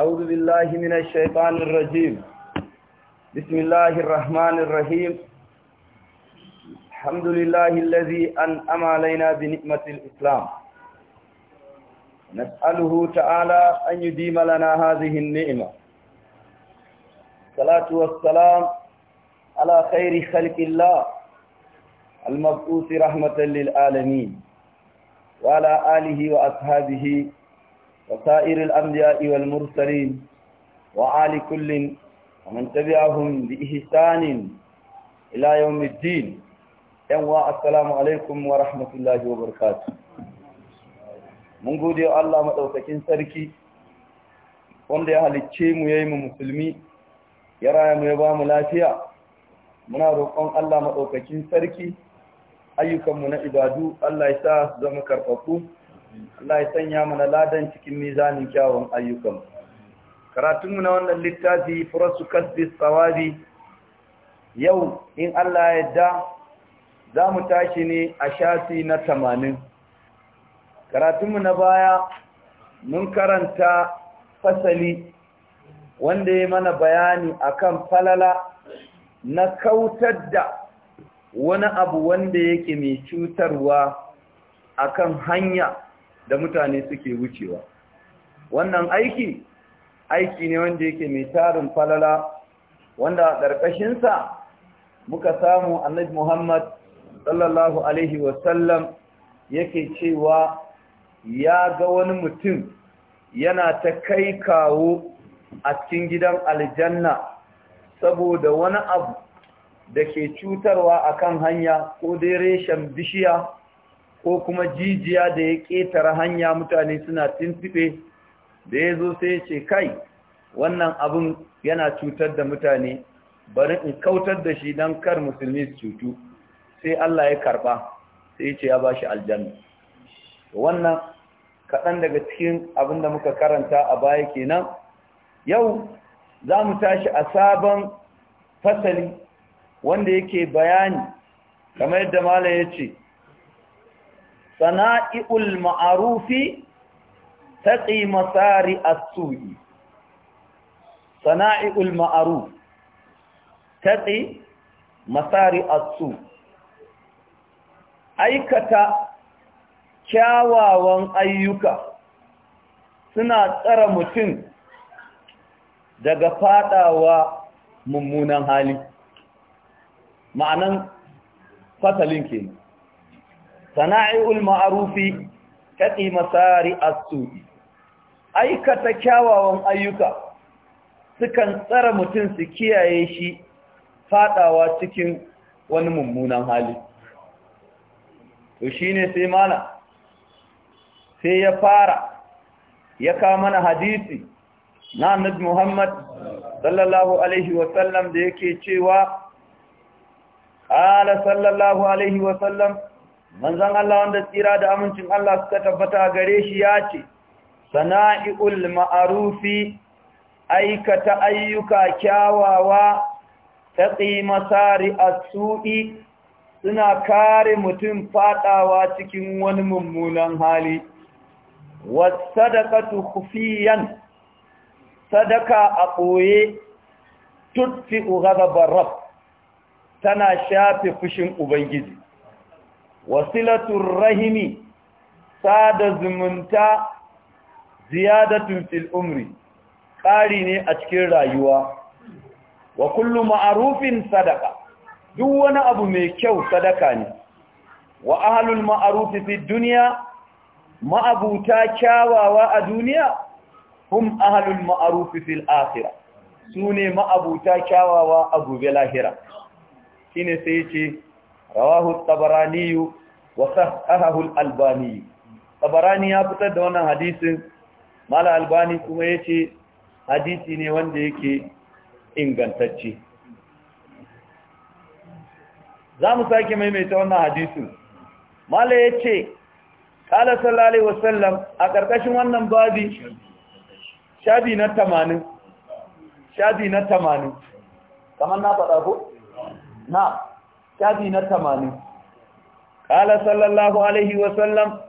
أعوذ بالله من الشيطان الرجيم بسم الله الرحمن الرحيم الحمد لله الذي أنعم علينا بنعمة الإسلام نسأله تعالى أن يديم لنا هذه النعمة الصلاة والسلام على خير خلق الله المبعوث رحمة للعالمين وعلى آله وأصحابه وسائر الأنبياء والمرسلين وعلى كل ومن تبعهم بإحسان إلى يوم الدين yanwa assalamu alaikum wa rahmatullahi wa barakatu mun gode wa Allah maɗaukakin sarki wanda ya halicce mu yayi mu musulmi ya raya mu ya ba mu lafiya muna roƙon Allah maɗaukakin sarki ayyukanmu na ibadu Allah ya sa su zama karɓaɓɓu Allah ya sanya mana ladan cikin mizanin kyawun ayyukan karatunmu na wannan littafi furasu kasbis tsawabi yau in Allah ya da za mu tashi ne a shafi na tamanin karatunmu na baya mun karanta fasali wanda ya mana bayani akan falala na kautar da wani abu wanda yake mai cutarwa akan hanya da mutane suke wucewa wannan aiki aiki ne wanda yake mai tarin falala wanda ƙarƙashinsa muka samu annabi Muhammad sallallahu alaihi wasallam yake cewa ya ga wani mutum yana ta kai kawo a cikin gidan aljanna saboda wani abu da ke cutarwa akan hanya ko dai reshen bishiya ko kuma jijiya da ya ƙetare hanya mutane suna tintibe da ya zo sai ya ce kai wannan abin yana cutar da mutane bari in kautar da shi don kar musulmi su cutu sai Allah ya karɓa sai ya ce ya ba shi aljanna wannan kaɗan daga cikin abin da muka karanta a baya kenan yau za mu tashi a sabon fasali wanda yake bayani kamar yadda malam ya ce sana'i'ul ma'arufi taqi masari as-su'i sana'i'ul ma'aruf taqi masari as-su aikata kyawawan ayyuka suna tsara mutum daga fadawa mummunan hali ma'anan fasalin kenan ul ma'arufi kati masari asu aikata kyawawan ayyuka sukan tsara mutum su kiyaye shi fadawa cikin wani mummunan hali to shine sai mana sai ya fara ya kawo mana hadisi na annabi Muhammad sallallahu alaihi wa sallam da yake cewa ala sallallahu alaihi wa sallam manzon Allah wanda tsira da amincin Allah suka tabbata gare shi ya ce sana'iul ma'arufi aikata ayyuka kyawawa ta masari a sui suna kare mutum fadawa cikin wani mummunan hali wasadaqatu khufiyan sadaka a ɓoye tutfi ghadabar tana shafe fushin ubangiji wasilatul rahimi sada zumunta ziyadatun fil umri ƙari ne a cikin rayuwa wa kullu ma'arufin sadaka duk wani abu mai kyau sadaka ne wa ahalul ma'arufi fi duniya ma'abuta kyawawa a duniya hum ahalul ma'arufi fil akhirah sune ma'abuta kyawawa a gobe lahira shine sai ce rawahu tabaraniyu wa sahahu al-albani tabarani ya fitar da wannan hadisin mala albani kuma yace hadisi ne wanda yake ingantacce za mu sake maimaita wannan hadisin mala yace qala sallallahu alaihi wasallam a karkashin wannan babi shadi na 80 shadi na 80 kamar na faɗa ko na shadi na 80 Kala sallallahu Alaihi wasallam,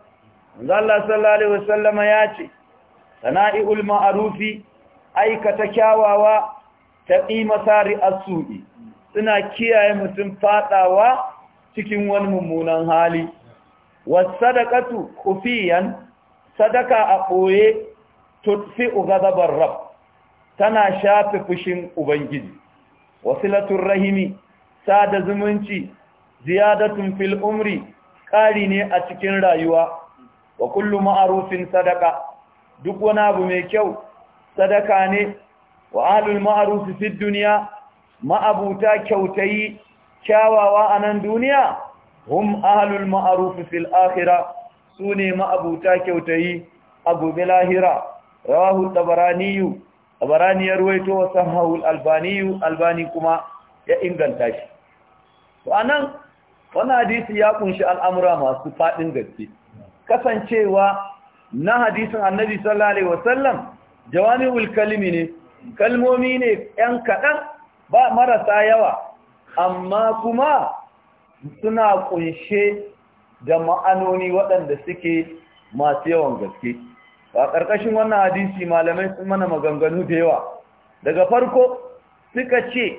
zalla sallallahu Alaihi wasallama ya ce, Sana'i'ul ma'arufi aikata kyawawa ta ƙimasari asu'i, suna kiyaye mutum faɗawa cikin wani mummunan hali. Wasadakatu kufiyan, sadaka a ɓoye, tutfi ugazabar rab, tana shafe fushin Ubangiji. Wasilatun rahimi, sada zumunci, ziyadatun fil umri ƙari ne a cikin rayuwa wa kullu ma'arufin sadaka duk wani abu mai kyau sadaka ne wa alul ma'arufi fi duniya ma'abuta kyautai kyawawa a nan duniya hum ahlul ma'arufi fil akhirah sune ma'abuta kyautai a gobe lahira rawahu tabaraniyu tabarani yarwaito wa sahahul albani albani kuma ya inganta shi to anan wannan hadisi ya kunshi al'amura masu faɗin gaske kasancewa na hadisin annabi sallallahu alaihi wasallam jawani ulkalimi ne kalmomi ne ‘yan kaɗan ba marasa yawa amma kuma suna kunshe da ma'anoni waɗanda suke masu yawan gaske a ƙarƙashin wannan hadisi malamai sun mana maganganu da yawa daga farko suka ce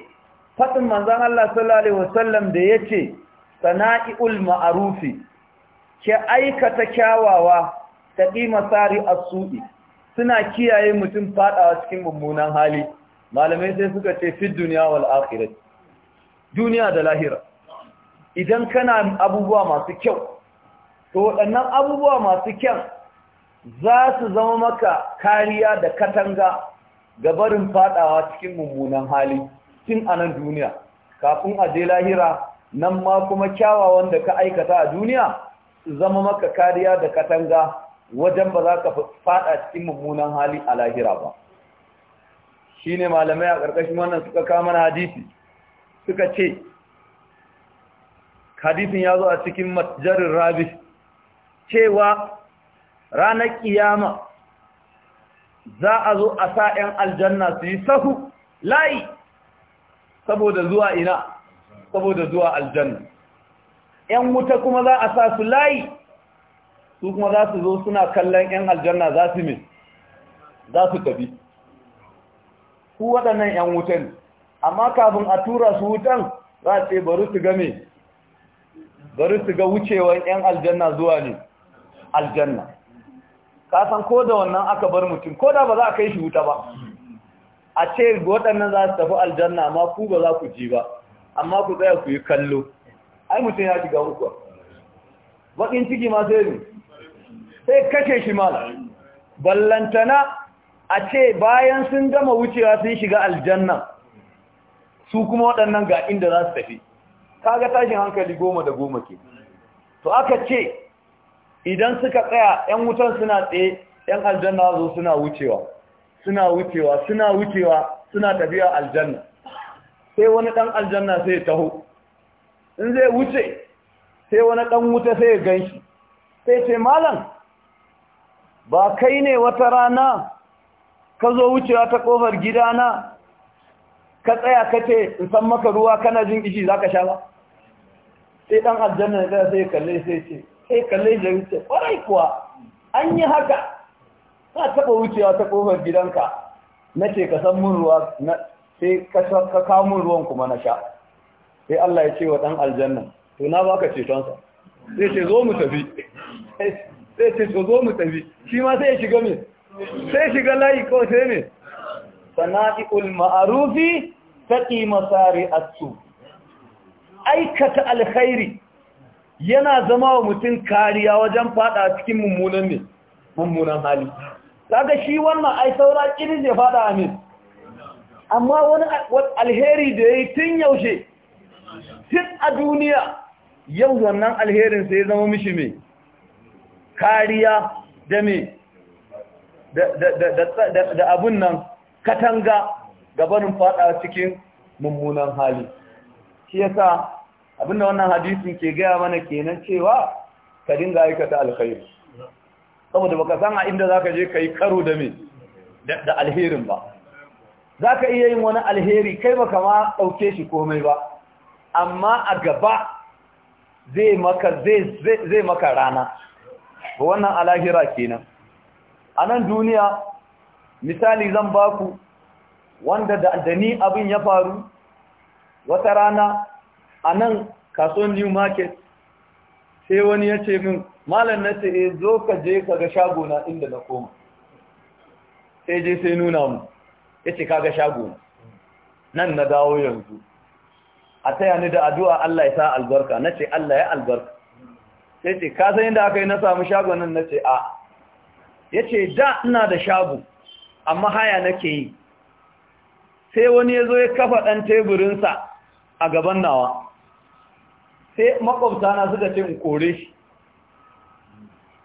faɗin manzan Allah sallallahu alaihi wasallam da ya ce sana'i'ul ma'arufi ke aikata kyawawa ta ƙima sari a su'i suna kiyaye mutum faɗawa cikin mummunan hali malamai sai suka ce fi dunya wal akhirah duniya da lahira idan kana abubuwa masu kyau to waɗannan abubuwa masu kyau za su zama maka kariya da katanga ga barin faɗawa cikin mummunan hali tun anan duniya kafin a je lahira nan ma kuma kyawawan da ka aikata a duniya zama maka kariya da katanga wajen ba za ka fada cikin mummunan hali a lahira ba shi ne malamai a ƙarƙashin wannan suka kama na hadisi suka ce hadisin ya zo a cikin matjarin rabi cewa ranar ƙiyama za a zo a sa ‘yan aljanna su yi sahu layi saboda zuwa ina saboda zuwa aljanna ‘yan wuta kuma za a sa su layi su kuma za su zo suna kallon ‘yan aljanna za su min za su tafi Ku waɗannan ‘yan wutan amma kafin a tura su wutan za a ce bari su game bari su ga wucewar ‘yan aljanna zuwa ne aljanna kasan ko da wannan aka bar mutum ko da ba za a kai shi wuta ba a ce waɗannan za su tafi aljanna amma ku ba za ku ji ba amma ku tsaya ku yi kallo ai mutum ya shiga uku Baƙin ciki ma sai sai kashe shi ma ballantana a ce bayan sun gama wucewa sun shiga aljanna su kuma waɗannan ga inda za su tafi kaga tashin hankali goma da goma ke to aka ce idan suka tsaya 'yan wutan suna tsaye 'yan aljanna zo suna wucewa suna wucewa suna wucewa suna tafiya aljanna sai wani ɗan aljanna sai taho in zai wuce sai wani ɗan wuta sai ya gan shi sai ce malam ba kai ne wata rana ka zo wucewa ta ƙofar gidana ka tsaya ka ce in san maka ruwa kana jin ishi za ka sha ba sai ɗan aljanna ya sai kalle sai ce sai kalle da wuce ƙwarai kuwa an yi haka na taɓa wucewa ta ƙofar gidanka na ce ka san mun ruwa sai ka kamun ruwan kuma na sha sai Allah ya ce wa ɗan aljanna to na baka cetonsa sai ce zo mu tafi sai ce zo mu tafi shi ma sai ya shiga me sai shiga layi ko sai me sana'iul ma'arufi taqi masari asu aikata alkhairi yana zama wa mutum kariya wajen fada cikin mummunan ne mummunan hali kaga shi wannan ai saura kirje fada amin amma wani alheri da ya yi tun yaushe tun a duniya yau wannan alherin sai zama mishi mai kariya da mai da abin nan katanga gabanin fada cikin mummunan hali shi yasa abinda wannan hadisin ke gaya mana kenan cewa ka dinga aikata alkhairu. saboda baka san a inda ka je ka yi karo da mai da alherin ba za ka iya yin wani alheri kai ba kama ɗauke shi komai ba amma a gaba zai maka zai maka rana wannan alahira kenan a nan duniya misali zan ba ku wanda da ni abin ya faru wata rana a nan kasuwan new market sai wani ya ce min malam na ce eh, zo ka je ka ga na, inda na koma sai je sai nuna mu ya ce kaga shago nan na dawo yanzu a taya ni da addu'a Allah ya sa albarka na ce Allah ya albarka sai ce ka san yadda aka yi na samu shago nan na ce a ya ce da ina da shago amma haya nake yi sai wani ya zo ya kafa ɗan teburinsa a gaban nawa sai makwabta na suka ce in kore shi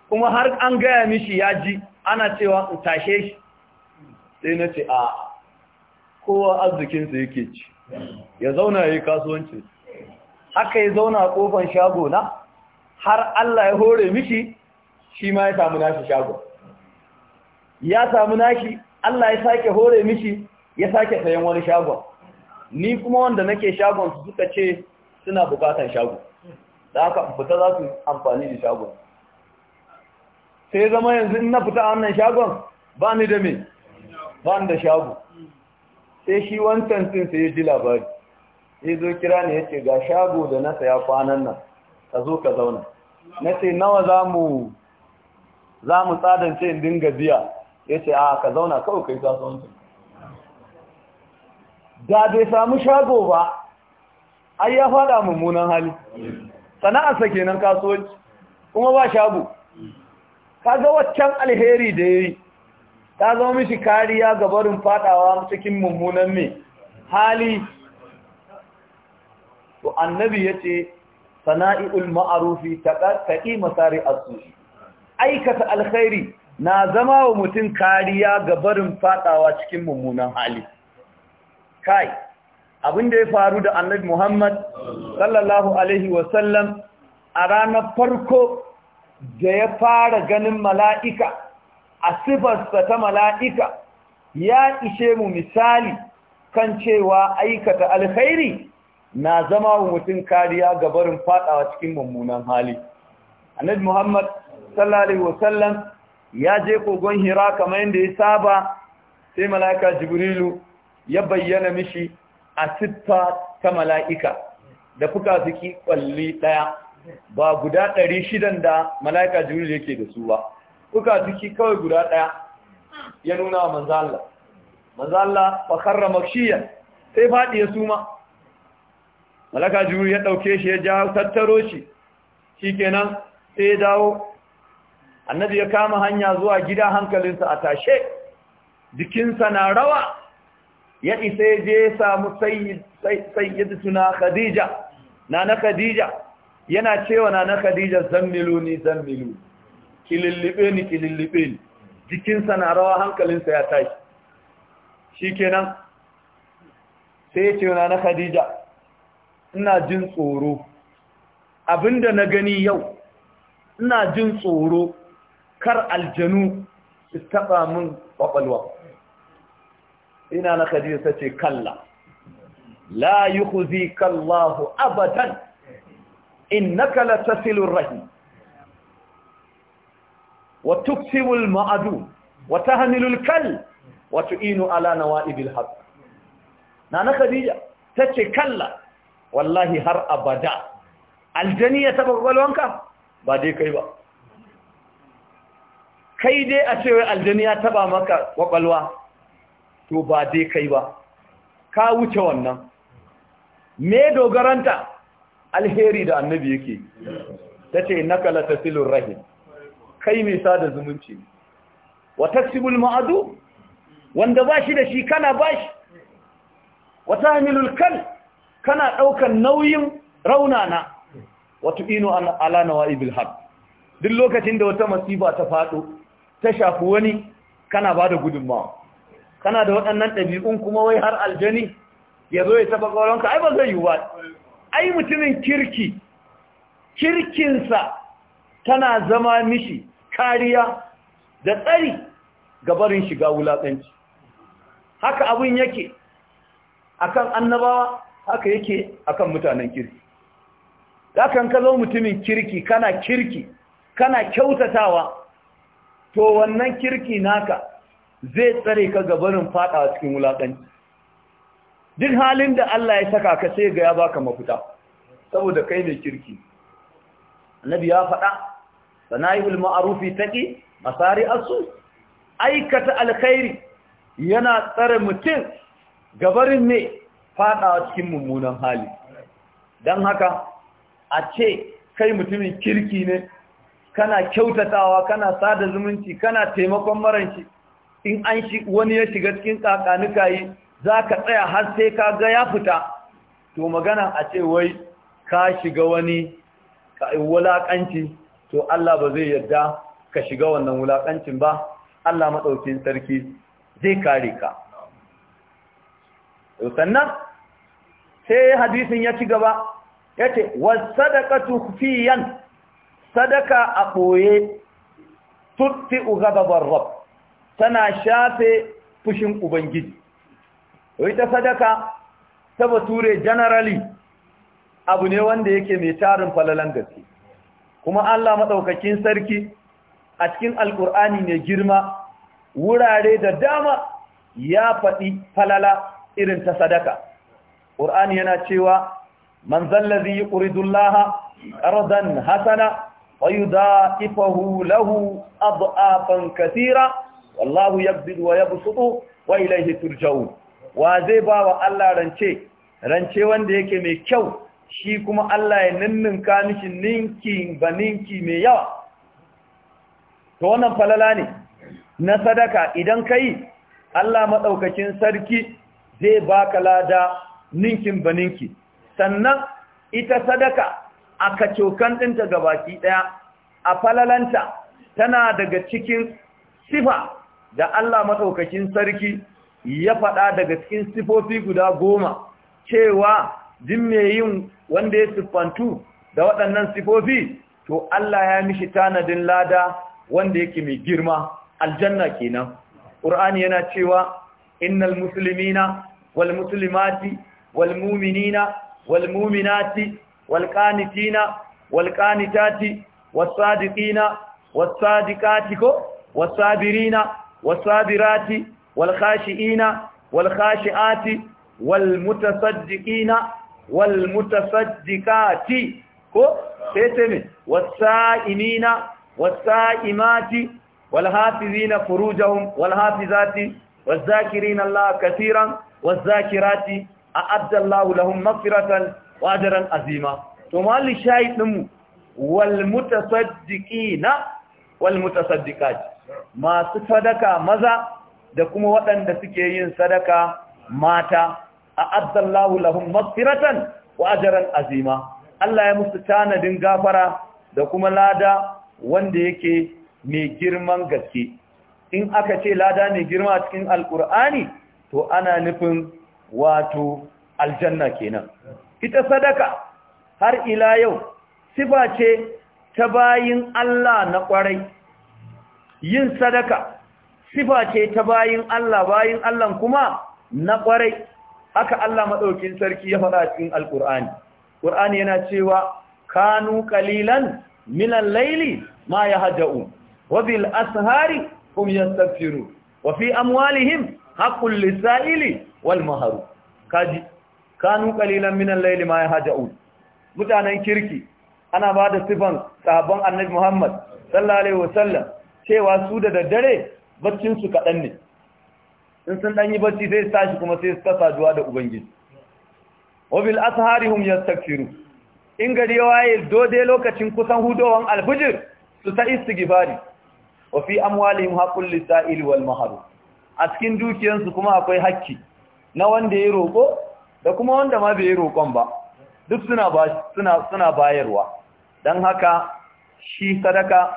kuma har an gaya mishi ya ji ana cewa in tashe shi sai na ce a kowa arzikinsa yake ci ya zauna ya yi kasuwanci haka ya zauna a ƙofan shago na har Allah ya hore mishi shi ma ya samu nashi shago ya samu nashi Allah ya sake hore mishi ya sake sayan wani shagon ni kuma wanda nake shagon su suka ce suna bukatan shago da haka fita za su amfani da shagon sai zama yanzu in na fita a wannan shagon ba ni da me ba ni da shago sai shi wancan din sai ji labari ya zo kira ne ya ce ga shago da na saya kwanan nan ka zo ka zauna na ce nawa za mu za mu tsadance in dinga biya ya ce a ka zauna kawai kai wancan da bai samu shago ba ai ya fada mummunan hali sana'arsa kenan kasuwanci kuma ba shago kaga waccan alheri da yayi ta zama mishi kariya ga barin fadawa cikin mummunan mai hali to annabi ya ce sana'i'ul ma'arufi ta ƙi masari su aikata alkhairi na zama wa mutum kariya ga barin fadawa cikin mummunan hali kai abin da ya faru da annabi muhammad sallallahu alaihi wasallam a ranar farko da ya fara ganin mala'ika a ta mala'ika ya ishe mu misali kan cewa aikata alkhairi na zama wa mutum kariya ga barin fadawa cikin mummunan hali. Annabi Muhammad sallallahu alaihi wasallam ya je kogon Hira kamar yadda ya saba sai mala'ika Jibrilu ya bayyana mishi a siffa ta mala'ika da fuka-fuki kwalli ɗaya ba guda ɗari shidan da mala'ika Jibrilu yake da su ba. kuka tuki kawai guda ɗaya ya nuna wa Manzala. Manzala sai fadi ya suma malaka jibril ya ɗauke shi ya ja tattaro shi shikenan sai ya dawo annabi ya kama hanya zuwa gida hankalinsa a tashe jikinsa na rawa ya isa ya je ya samu sayyidatuna khadija na na khadija yana cewa na na khadija zammiluni zammiluni ki lullube ni ki lullube ni jikinsa na rawa hankalinsa ya tashi shi kenan sai ya ce na khadija ina jin tsoro abinda na gani yau ina jin tsoro kar aljanu su taba min kwakwalwa ina na khadija ta ce kalla la yi huzi kallahu abadan innaka la tasilur rahim wa tuksibul ma'adu wa tahmilul kal wa tu'inu ala nawa'ibil haqq nana khadija tace kalla wallahi har abada aljaniya ta ba dai kai ba kai dai a cewa aljaniya ta ba maka kwakwalwa to ba dai kai ba ka wuce wannan me dogaranta alheri da annabi yake tace innaka latasilu rahim kai mai sada zumunci Wata wa ma'adu wanda ba shi da shi kana ba shi Wata tahmilul kal kana ɗaukan nauyin raunana wa tu'inu ala nawaibil haq duk lokacin da wata masifa ta faɗo, ta shafi wani kana bada gudunmawa kana da waɗannan ɗabi'un kuma wai har aljani ya zo ya taɓa ƙwaronka ai ba zai yi ba ai mutumin kirki kirkinsa tana zama mishi kariya da tsari ga barin shiga wulaƙanci haka abin yake akan annabawa haka yake akan mutanen kirki kan ka zo mutumin kirki kana kirki kana kyautatawa to wannan kirki naka zai tsare ka barin fada cikin wulaƙanci duk halin da Allah ya saka ka sai ga ya baka mafuta saboda kai ne kirki annabi ya faɗa sana'ihul ma'arufi taqi masari asu aikata alkhairi yana tsare mutum gabarin ne fadawa cikin mummunan hali dan haka a ce kai mutumin kirki ne kana kyautatawa kana sada zumunci kana taimakon maranci in an shi wani ya shiga cikin kakanuka yi za ka tsaya har sai ka ga ya fita to magana a ce wai ka shiga wani wulaƙanci to Allah ba zai yarda ka shiga wannan wulakancin ba Allah madaukin sarki zai kare ka sannan sai hadisin ya ci gaba yace sadaqatu fiyan sadaka a ɓoye tutti ugababar rabb tana shafe fushin ubangiji ita sadaka ta bature generally abu ne wanda yake mai tarin falalan gaske kuma Allah maɗaukakin sarki a cikin alƙur'ani mai girma wurare da dama ya faɗi falala irin ta sadaka ƙur'ani yana cewa man zallazi yi ƙuridullaha ƙarzan hasana wayu da ifahu lahu abu'afan kasira wallahu ya wa ya busuɗu wa ilaihi turja'u wa zai ba wa Allah rance rance wanda yake mai kyau shi kuma Allah ya ninninka mishi ninki ba ninki mai yawa to wannan falala ne na sadaka idan ka yi, Allah maɗaukacin sarki zai ba ka lada ninkin ba ninki sannan ita sadaka a kacokan ɗinta ga baki ɗaya a falalanta tana daga cikin sifa da Allah maɗaukacin sarki ya faɗa daga cikin sifofi guda goma cewa din mai yin wanda ya siffantu da waɗannan sifofi to Allah ya mishi tanadin lada wanda yake mai girma aljanna kenan qur'ani yana cewa innal muslimina wal muslimati wal mu'minina wal mu'minati wal qanitina wal qanitati was sadiqina was sadiqati ko was sabirina was sabirati wal khashiina wal khashiati wal mutasaddiqina walmutasaddiqati ko sai ce ne wasaimina wasaimati walhafizina furujahum walhafizati wazakirina Allah kaseeran wazakirati a'adda Allah lahum maghfiratan wa ajran azima to malli shayidinmu walmutasaddiqina walmutasaddiqati masu sadaka maza da kuma waɗanda suke yin sadaka mata a'addallahu lahum maghfiratan wa ajran azima Allah ya musu tanadin gafara da kuma lada wanda yake mai girman gaske in aka ce lada ne girma cikin alkur'ani to ana nufin wato aljanna kenan ita sadaka har ila yau sifa ce ta bayin Allah na kwarai yin sadaka sifa ce ta bayin Allah bayin Allah kuma na kwarai haka Allah maɗaukin sarki ya faɗa cikin alqur'ani ƙur'ani yana cewa kanu qalilan min al-layli ma yahja'un wa bil ashari hum yastaghfirun wa fi amwalihim haqqul lisaili wal mahru kaji kanu qalilan min al-layli ma yahja'un mutanen kirki ana ba da sifan sahabban annabi Muhammad sallallahu alaihi wasallam cewa su da daddare baccinsu kaɗan kadan ne in sun dan yi bacci sai su tashi kuma sai su kasa saduwa da ubangiji wabil ya yastaghfiru in gari ya waye dode lokacin kusan hudowan albujir su ta istighfari wafi fi amwalihim haƙun Lissaili, wal maharu. a cikin dukiyansu kuma akwai hakki na wanda ya roƙo da kuma wanda ma bai roƙon ba duk suna suna bayarwa Don haka shi sadaka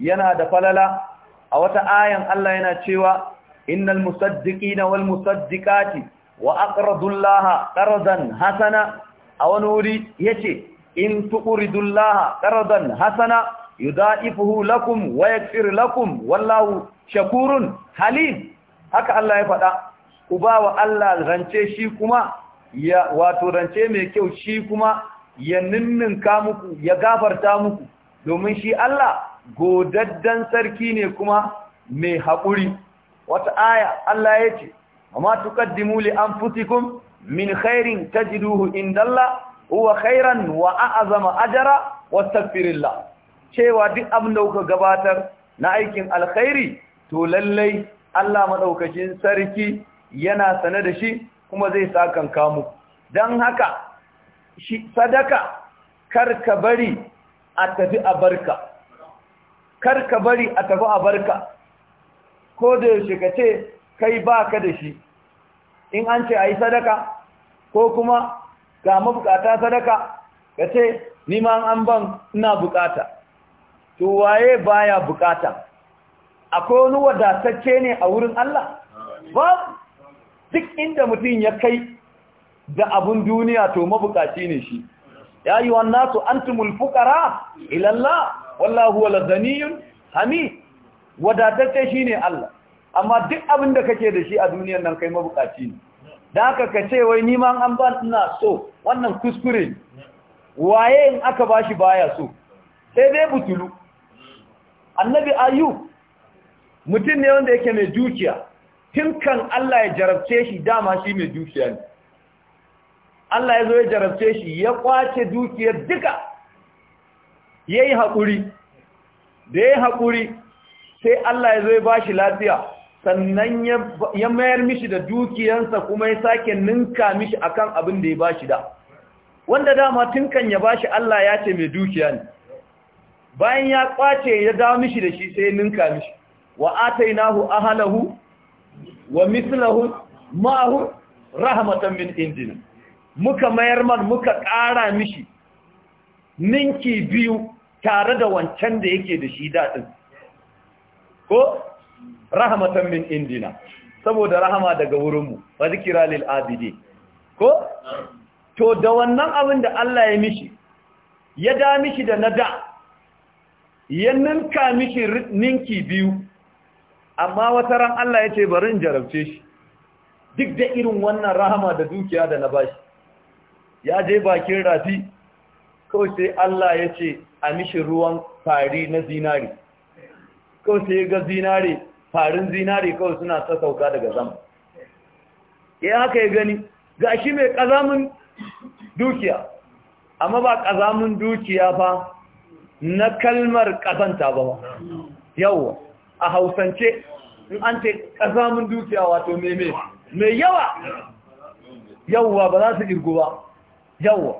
yana da falala a wata ayan Allah yana cewa إن المصدقين والمصدقات وأقرضوا الله قرضا حسنا أو نوري يتي إن تقرضوا الله قرضا حسنا يضاعفه لكم ويغفر لكم والله شكور حليم هكا الله يفدا ubawa Allah rance shi kuma ya wato rance mai kyau shi kuma ya ninninka muku ya gafarta muku domin shi Allah godaddan sarki ne kuma mai haƙuri wata aya Allah ya ce amma tuqaddimu li anfusikum min khairin tajiduhu indalla huwa khairan wa a'zama ajra wastaghfirullah cewa duk abin da kuka gabatar na aikin alkhairi to lallai Allah madaukakin sarki yana sane da shi kuma zai sakan kamu dan haka shi sadaka karka bari a tafi a barka karka bari a tafi a barka ko da yaushe ka ce kai ba ka da shi in an ce a yi sadaka ko kuma ga mabukata sadaka ka ce nima an ban ina bukata to waye baya bukata akwai wani wadatacce ne a wurin Allah ba duk inda mutum ya kai da abun duniya to mabukaci ne shi ya yi wannan su an tumul fukara ilallah wallahu wala lardaniyun hami wadatacce ne Allah amma duk abin da kake da shi a duniyar nan kai mabukaci ne da haka ka ce wai ni an ba ina so wannan kuskure waye in aka bashi baya so sai dai butulu annabi ayub mutum ne wanda yake mai dukiya tun kan Allah ya jarabce shi dama shi mai dukiya ne Allah ya zo ya jarabce shi ya kwace dukiyar duka yayi haƙuri da yayi haƙuri sai Allah ya zo ya bashi lafiya sannan ya mayar mishi da dukiyansa kuma ya sake ninka mishi akan abin da ya bashi da wanda dama tun kan ya bashi Allah ya ce mai dukiya ne bayan ya kwace ya dawo mishi da shi sai ninka mishi wa atainahu ahlahu wa mithluhu ma'ahu rahmatan min indina muka mayar man muka ƙara mishi ninki biyu tare da wancan da yake da shi daɗin ko rahmatan min indina saboda rahama daga wurinmu wa zikira lil abidi ko to da wannan abin da Allah ya mishi ya da mishi da na ya ninka mishi ninki biyu amma wata ran Allah ya ce bari in jarabce shi duk da irin wannan rahama da dukiya da na bashi ya je bakin rafi kawai sai Allah ya ce a mishi ruwan fari na zinari kawai sai ga zinare farin zinare kawai suna ta sauka daga zama. ya haka ya gani ga shi mai ƙazamin dukiya amma ba ƙazamin dukiya ba na kalmar ƙazanta ba yawa a hausance in an ce ƙazamin dukiya wato meme mai yawa yawa ba za su irgu ba yawa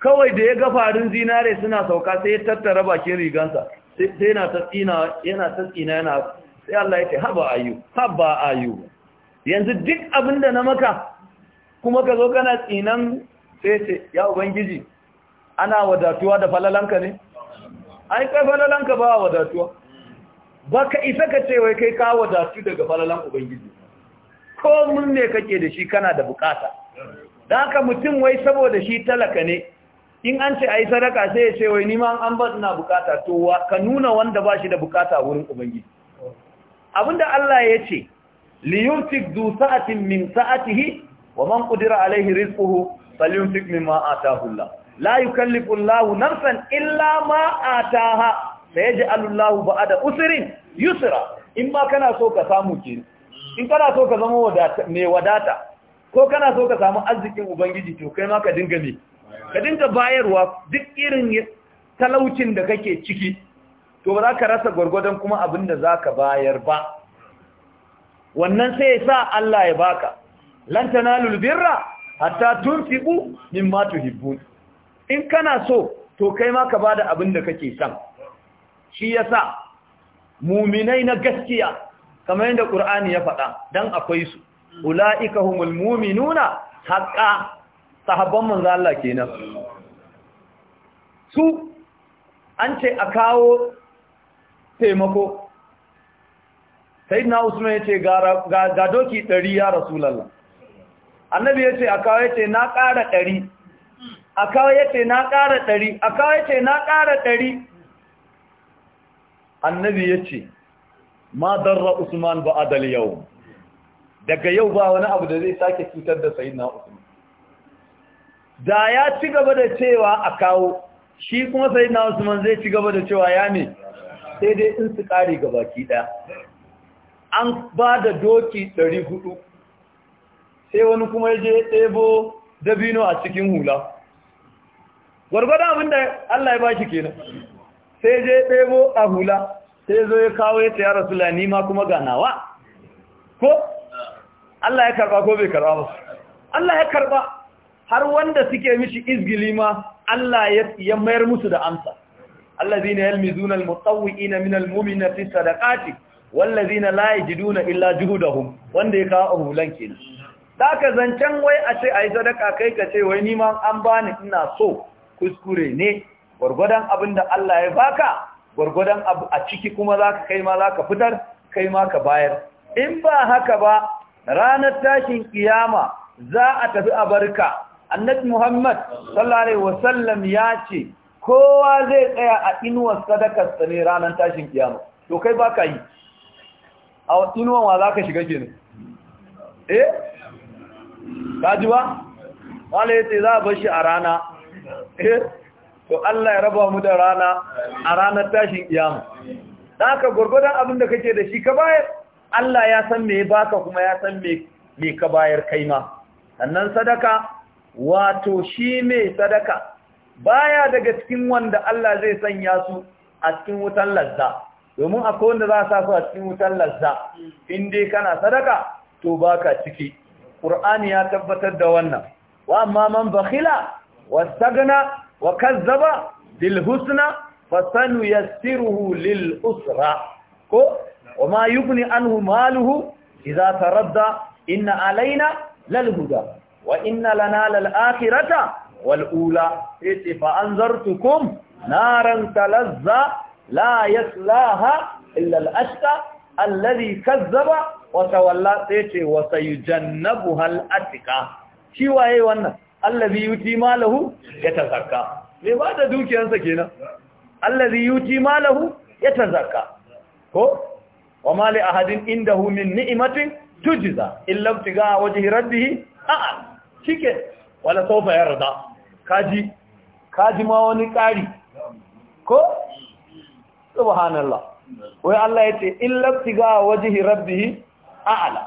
kawai da ya ga farin zinare suna sauka sai ya tattara bakin rigansa sai yana ta tsina yana ta tsina yana sai Allah ya ce haba ayu haba ayu yanzu duk abinda na maka kuma ka zo kana tsinan sai ce ya ubangiji ana wadatuwa da falalanka ne ai kai falalanka ba wadatuwa ba ka isa ka ce wai kai ka wadatu daga falalan ubangiji ko mun ne kake da shi kana da bukata da haka mutum wai saboda shi talaka ne in an ce a yi sadaka sai ya ce wai nima an ba ina bukata to ka nuna wanda ba shi da bukata wurin ubangiji abinda Allah ya ce liyunfik du sa'atin min sa'atihi wa man qudira alaihi rizquhu falyunfik mimma ataahu Allah la yukallifu Allah nafsan illa ma ataaha sayaj'alu Allah ba'da usrin yusra in ba kana so ka samu ke in kana so ka zama wadata wadata ko kana so ka samu arzikin ubangiji to kai ma ka dinga ne ka dinga bayarwa duk irin talaucin da kake ciki to ba za ka rasa gwargwadon kuma abin da za ka bayar ba wannan sai ya sa Allah ya baka lan tanalul birra hatta tunfiqu mimma tuhibbun in kana so to kai ma ka da abin da kake san. shi yasa muminai na gaskiya kamar yadda Qur'ani ya faɗa dan akwai su ulaika humul mu'minuna haqqan sahabban manzo Allah kenan su an ce a kawo taimako sai na usman ya ce ga doki ɗari ya lalla. annabi ya ce a kawo ya ce na ƙara ɗari a kawo ya ce na ƙara ɗari a kawo ya ce na ƙara ɗari annabi ya ce ma darra usman ba adal yau daga yau ba wani abu da zai sake cutar da sayyidina usman da ya ci gaba da cewa a kawo shi kuma sai na usman zai ci gaba da cewa ya ne sai dai in su kare ga baki ɗaya an ba da doki ɗari hudu, sai wani kuma ya je ɗebo dabino a cikin hula gwargwada abinda Allah ya ba shi kenan sai je ɗebo a hula sai zo ya kawo ya tsaye rasula ni ma kuma ganawa ko Allah ya karba ko bai karba ba Allah ya karba har wanda suke mishi izgili ma Allah ya mayar musu da amsa allazina yalmizuna almutawwi'ina min almu'minina fi sadaqati wallazina la yajiduna illa juhudahum wanda ya kawo hulan kenan daka zancen wai a ce yi sadaka kai ka ce wai ni ma an bani ina so kuskure ne gurgudan da Allah ya baka gurgudan abu a ciki kuma zaka kai ma ka fitar kai ma ka bayar in ba haka ba ranar tashin kiyama za a tafi a barka annabi Muhammad sallallahu alaihi wasallam ya ce kowa zai tsaya a inuwar sadakar sa ne ranar tashin kiyama to kai baka yi a inuwar wa zaka shiga kenan eh kaji ba wala yace za a bar shi a rana eh to Allah ya raba mu da rana a ranar tashin kiyama haka gurgurdan abin da kake da shi ka bayar Allah ya san me baka kuma ya san me me ka bayar kai ma sannan sadaka wato shi mai sadaka baya daga cikin wanda Allah zai sanya su a cikin wutan lazza domin akwai wanda za sa su a cikin wutan lazza in dai kana sadaka to baka ciki Qur'ani ya tabbatar da wannan wa amma man bakhila wastagna wa kazzaba bil husna fasanuyassiruhu lil usra ko wama yughni anhu maluhu idza taradda inna alaina lal huda wa inna lana lal akhirata wal ula yace fa anzartukum naran talazza la yaslaha illa al ashqa alladhi kazzaba wa tawalla yace wa sayujannabuha al atqa shi waye wannan allazi yuti malahu yatazakka me ba da dukiyarsa kenan allazi yuti malahu yatazakka ko wa mali ahadin indahu min ni'matin tujza illa ibtiga wajhi rabbih a'a shike wala sofa ya rada kaji kaji ma wani ƙari ko subhanallah wai Allah ya ce illa tiga wajhi rabbih a'la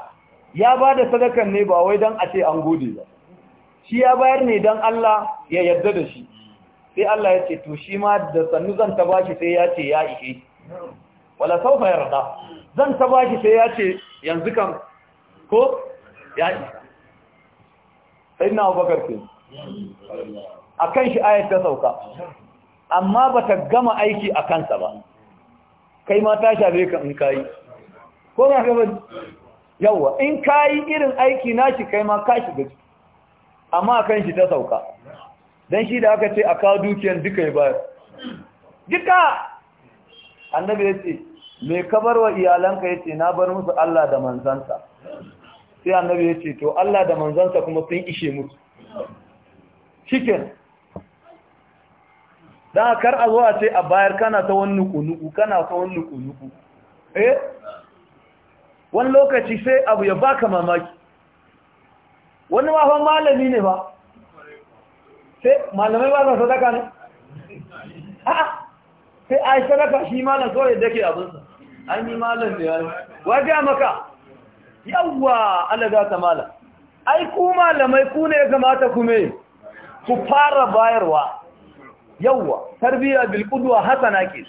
ya bada sadakan ne ba wai dan a ce an gode ba shi ya bayar ne dan Allah ya yarda da shi sai Allah ya ce to shi ma da sannu zan ta bashi sai ya ce ya ishe wala saufa yarda zan ta bashi sai ya ce yanzu kan ko ya ishe sayyidina na abubakar ke a kan shi ayat ta sauka amma ba ta gama aiki a kansa ba kai ma ta shafe ka in kayi ko ga gaba yawwa in kayi irin aiki nashi kai ma ka gaji. amma a kan shi ta sauka don shi da aka ce a kawo dukiyar duka ya bayar duka annabi ya ce mai kabarwa iyalanka ya ce na bar musu Allah da manzansa sai annabi ya ce to Allah da manzansa kuma sun ishe musu shikin da kar a zo a ce a bayar kana ta wani nuku-nuku kana ta wani nuku-nuku eh wani lokaci sai abu ya baka mamaki wani mafan malami ne ba sai malamai ba zan sadaka ne Ha! sai a yi sadaka shi malam kawai da ke abinsa an yi malam ne wani wajen maka yawwa Allah za ta mala ai ku malamai ku ne ya kamata ku me ku fara bayarwa yawwa tarbiya bil qudwa hasana ke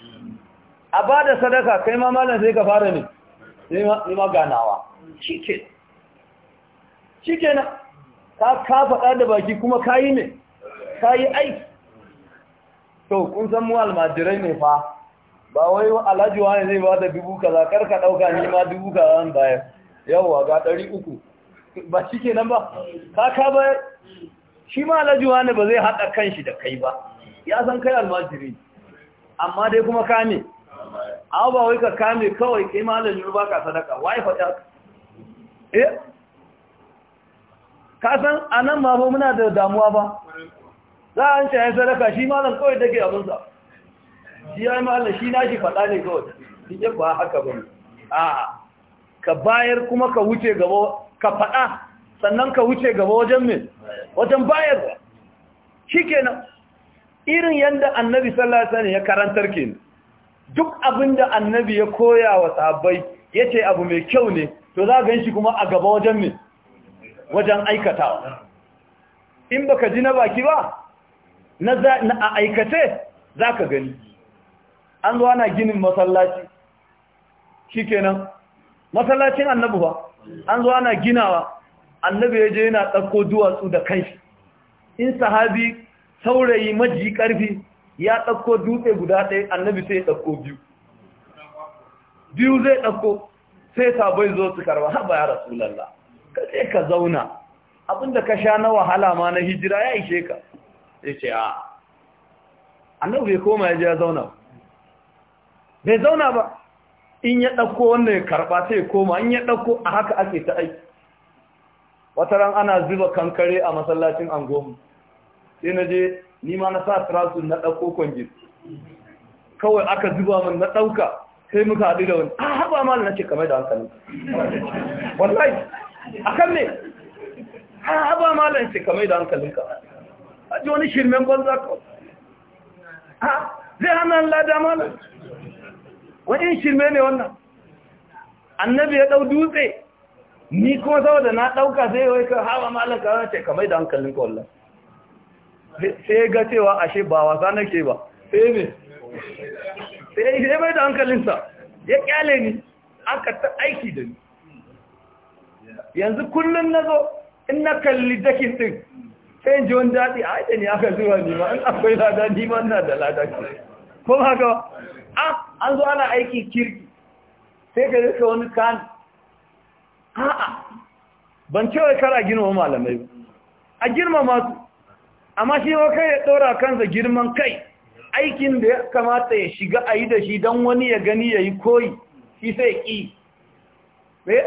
a bada sadaka kai ma malam sai ka fara ne ni ma ganawa shike shike na ka ka faɗa da baki kuma kayi ne kayi aiki to kun san mu almajirai ne fa ba wai alhaji wani zai ba da dubu kaza kar ka ɗauka ni ma dubu kaza an bayar yawwa ga ɗari uku ba shi ke nan ba kaka ba shi ma alajuwa ne ba zai haɗa kan shi da kai ba ya san kai almajiri amma dai kuma kame abu ba wai ka kame kawai kai ma alajuwa ba ka sadaka wai faɗa eh ka san a nan ma ba muna da damuwa ba za a hanci ya sadaka shi malam kawai ke abinsa shi ya yi malam shi na shi faɗa ne kawai shi ba haka ba ne a'a ka bayar kuma ka wuce gaba ka faɗa sannan ka wuce gaba wajen mai wajen bayar shi kenan irin yadda annabi sallallahu ne ya karantar ke duk da annabi ya koya wa sabai ya ce abu mai kyau ne to za gan shi kuma a gaba wajen mai wajen aikatawa in ba ka ji na baki ba na a aikace za ka gani an zuwa na ginin masallaci shi kenan masallacin annabi ba an zo ana ginawa annabi ya je yana ɗauko duwatsu da kai in sahabi saurayi maji ƙarfi ya ɗauko dutse guda ɗaya annabi sai ya ɗauko biyu biyu zai ɗauko sai sabai zo su karba haɓa ya rasu lalla. ka ce ka zauna abinda ka sha na wahala ma na hijira ya ishe ka ya ce a annabi ya koma ya je ya zauna bai zauna ba in ya ɗauko wannan ya karɓa sai koma in ya ɗauko a haka ake ta aiki wata ran ana zuba kankare a masallacin angomu sai na je nima na sa trasu na ɗauko kwangin kawai aka zuba min na ɗauka sai muka haɗu da wani a ah, haɓa ma na ce kamar da hankali wallahi a kan ne a haɓa ma na ce kamar da hankalinka a ji wani shirmen banza kawai zai hannun lada malar wani shirme ne wannan annabi ya ɗau dutse ni kuma saboda na ɗauka sai wai ka hawa malaka wani ce kamar da hankalin kwallon sai ga cewa ashe ba wasa nake ba sai ne sai mai da hankalinsa ya kyale ni aka ta aiki da ni yanzu kullum na zo in na kalli dakin ɗin sai ji wani daɗi a haɗe ne aka zuwa ma in akwai lada ma ina da lada ko haka a ah, an zo ana aiki kirki sai ka rika wani kan a'a ban cewa kar a girma malamai ba a girma masu amma shi wa kai ya ɗora kansa girman kai aikin da ya kamata ya shiga a yi da shi don wani ya gani ya yi koyi shi sai ƙi eh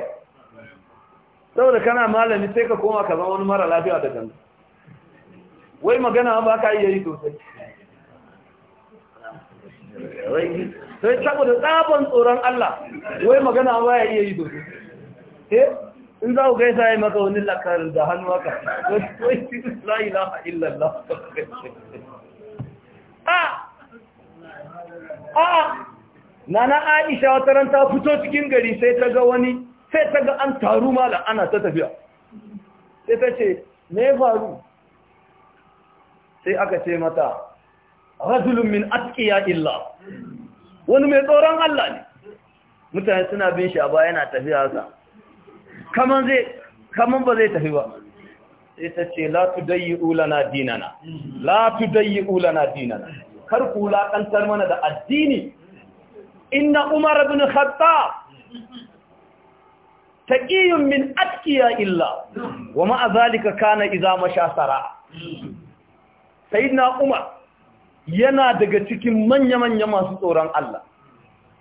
saboda kana malami sai ka koma ka zama wani mara lafiya da ganga wai magana ba ka iya yi sosai wai sai saboda tsabon tsoron Allah wai magana ba ya iya yi dozu eh in za ku gaisa ya maka wani lakar da hannu haka wai la ilaha illallah a a nana Aisha wata ran ta fito cikin gari sai ta ga wani sai ta ga an taru mala ana ta tafiya sai ta ce me faru sai aka ce mata rajulun min atqiya illa wani mai tsoron Allah ne mutane suna bin shi a baya yana tafiya haka kaman ba zai tafi ba ita ce la tudayyi'u lana dinana la dinana kar ku mana da addini inna umar bin khattab taqiyun min atqiya illa wa ma zalika kana idza masha sara sayyidina umar yana daga cikin manya-manya masu tsoron Allah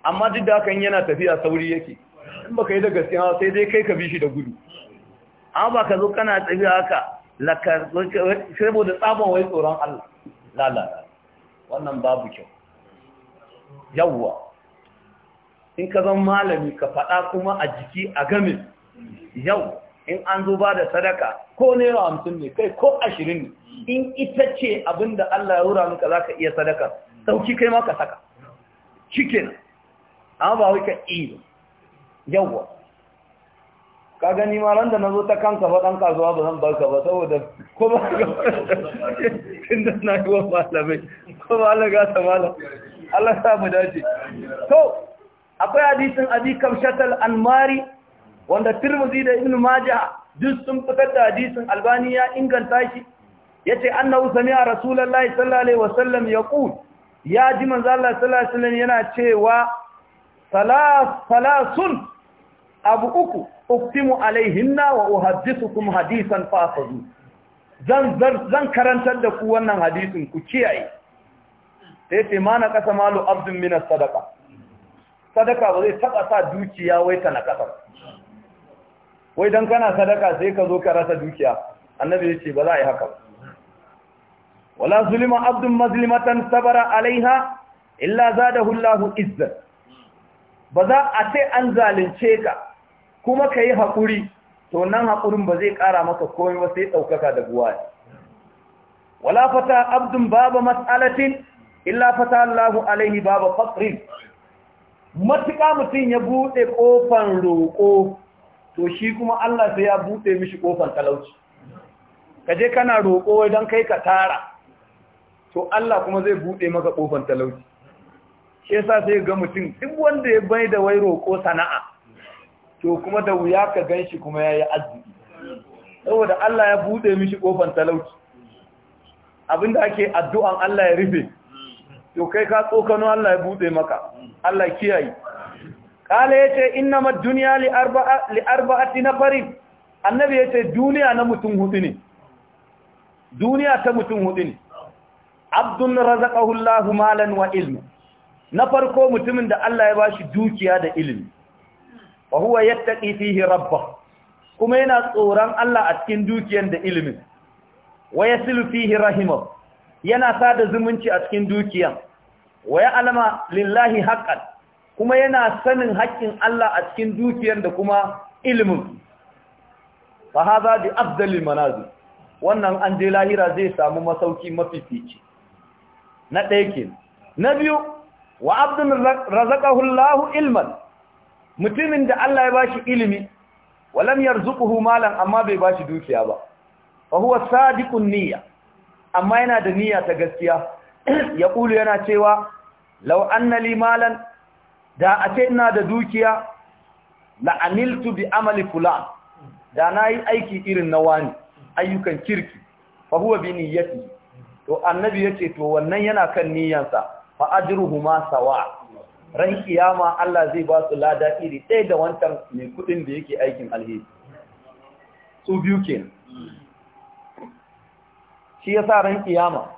amma duk da hakan yana tafiya sauri yake in baka yi da gaskiya sai dai kai ka bi shi da gudu amma ba ka zo kana tafiya haka saboda tsabon wai tsoron Allah lalala wannan babu kyau yawwa in ka zan malami ka faɗa kuma a jiki a game yau in an zo ba da sadaka ko naira hamsin ne kai ko ashirin ne in ita ce abin da Allah ya wura maka za ka iya sadaka sauki kai maka saka cikin an ba wai ka iya yawwa ka gani ma ran da na zo ta kanka fa ɗan kasuwa ba zan baka ba saboda ko ba ka tun da na yi wa malamai ko ba Allah ga ta malam Allah sa mu dace to akwai hadisin abi kamshatal anmari wanda Tirmidhi da Ibn Majah duk sun fitar da hadisin Albani ya inganta shi yace annahu sami'a Rasulullahi sallallahu alaihi wasallam yaqul ya ji manzo Allah sallallahu alaihi wasallam yana cewa salasun abu uku uktimu alaihinna wa uhaddithukum hadisan fafazu zan zan karantar da ku wannan hadisin ku kiyaye sai ce mana kasa malu abdun min sadaqa sadaka ba zai taba sa dukiya wai ta na kasa wai don kana sadaka sai ka zo ka rasa dukiya annabi ya ce ba za a yi haka wala zulima abdun mazlimatan sabara alaiha illa zadahu Allahu izzan ba za a ce an zalunce ka kuma ka yi haƙuri to nan haƙurin ba zai ƙara maka komai ba sai ɗaukaka da buwa wala fata abdun baba matsalatin illa fata Allahu alaihi baba faqrin matuƙa mutum ya buɗe ƙofan roƙo to shi kuma Allah sai ya buɗe mishi kofar talauci ka je kana roƙo wai don kai ka tara to Allah kuma zai buɗe maka kofar talauci shi yasa sai ga mutum duk wanda ya bai da wai roko sana'a to kuma da wuya ka gan shi kuma ya yi saboda Allah ya buɗe mishi kofar talauci abinda ake addu'an Allah ya rufe to kai ka tsokano Allah ya buɗe maka Allah kiyaye kala ya ce ina ma duniya li'arba'ati na farin annabi ya ce duniya na mutum hudu ne duniya ta mutum hudu ne abdun razaqahullahu malan wa ilmi na farko mutumin da Allah ya bashi dukiya da ilimi wa huwa yattaqi fihi rabbah kuma yana tsoron Allah a cikin dukiyar da ilimin wa yasilu fihi rahimah yana sada zumunci a cikin dukiyar wa ya'lama lillahi haqqan kuma yana sanin haƙƙin Allah a cikin dukiyar da kuma ilimin fa hadha bi manazil wannan an je lahira zai samu masauki mafifici na ɗaya ke na biyu wa abdul razaqahu Allahu ilman mutumin da Allah ya bashi ilimi walam yarzuquhu malan amma bai bashi dukiya ba fa huwa sadiqun niyya amma yana da niyya ta gaskiya ya kulu yana cewa law anna li malan da a ce ina da dukiya la'amiltu bi amali kula. da na yi aiki irin na wani ayyukan kirki fa huwa bi niyyati to annabi yace to wannan yana kan niyyansa fa ajruhuma sawa ran kiyama Allah zai ba su lada iri ɗaya da wancan mai kudin da yake aikin alheri su biyu kenan shi yasa ran kiyama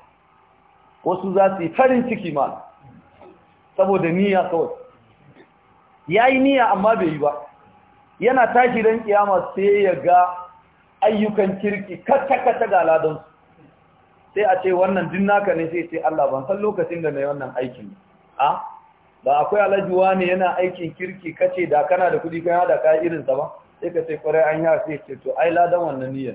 wasu za su yi farin ciki ma saboda niyya kawai ya yi niyya amma bai yi ba yana tashi don kiyama sai ya ga ayyukan kirki kakakata ga ladansu sai a ce wannan din naka ne sai ce Allah ban san lokacin da na yi wannan aikin a ba akwai alajuwa ne yana aikin kirki kace da kana da kudi kan hada kayan irinsa ba sai ka ce kwarai an yi sai ce to ai ladan wannan niyyar